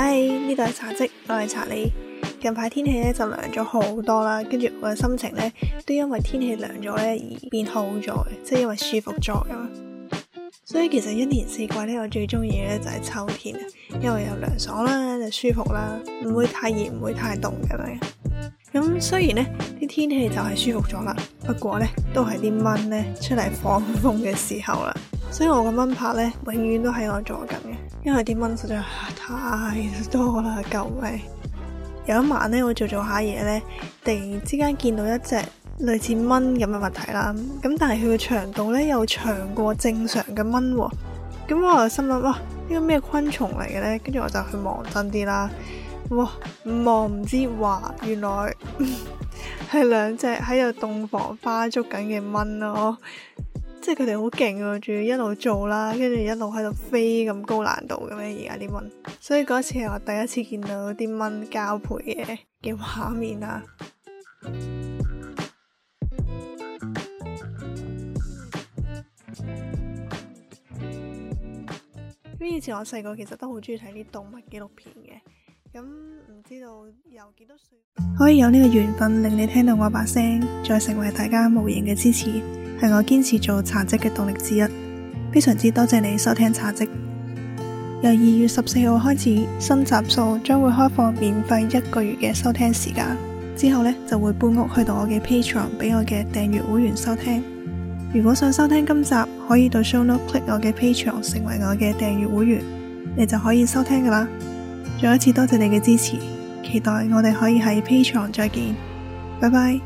嗨，呢度係茶嘖，我係查理。近排天氣咧就涼咗好多啦，跟住我嘅心情咧都因為天氣涼咗咧而變好咗嘅，即係因為舒服咗咁。所以其實一年四季咧，我最中意咧就係秋天，因為又涼爽啦，又舒服啦，唔會太熱，唔會太凍嘅嚟。咁雖然咧啲天氣就係舒服咗啦，不過咧都係啲蚊咧出嚟放風嘅時候啦。所以我個蚊拍咧，永遠都喺我坐緊嘅，因為啲蚊實在、啊、太多啦，救命！有一晚咧，我做做下嘢咧，突然之間見到一隻類似蚊咁嘅物體啦，咁但係佢嘅長度咧又長過正常嘅蚊喎，咁我就心諗哇，呢個咩昆蟲嚟嘅咧？跟住我就去望真啲啦，哇，唔望唔知哇，原來係 兩隻喺度洞房花燭緊嘅蚊咯。即係佢哋好勁啊，仲要一路做啦，跟住一路喺度飛，咁高難度嘅咩？而家啲蚊，所以嗰次係我第一次見到啲蚊交配嘅嘅畫面啊！咁 以前我細個其實都好中意睇啲動物紀錄片嘅，咁唔知道由幾多歲可以有呢個緣分令你聽到我把聲，再成為大家無形嘅支持，係我堅持做茶嘖嘅動力之一，非常之多謝你收聽茶嘖。由二月十四號開始，新集數將會開放免費一個月嘅收聽時間，之後呢，就會搬屋去到我嘅 Patreon，俾我嘅訂閱會員收聽。如果想收聽今集，可以到 show note click 我嘅 Patreon，成為我嘅訂閱會員，你就可以收聽噶啦。再一次多謝你嘅支持，期待我哋可以喺 Patreon 再見，拜拜。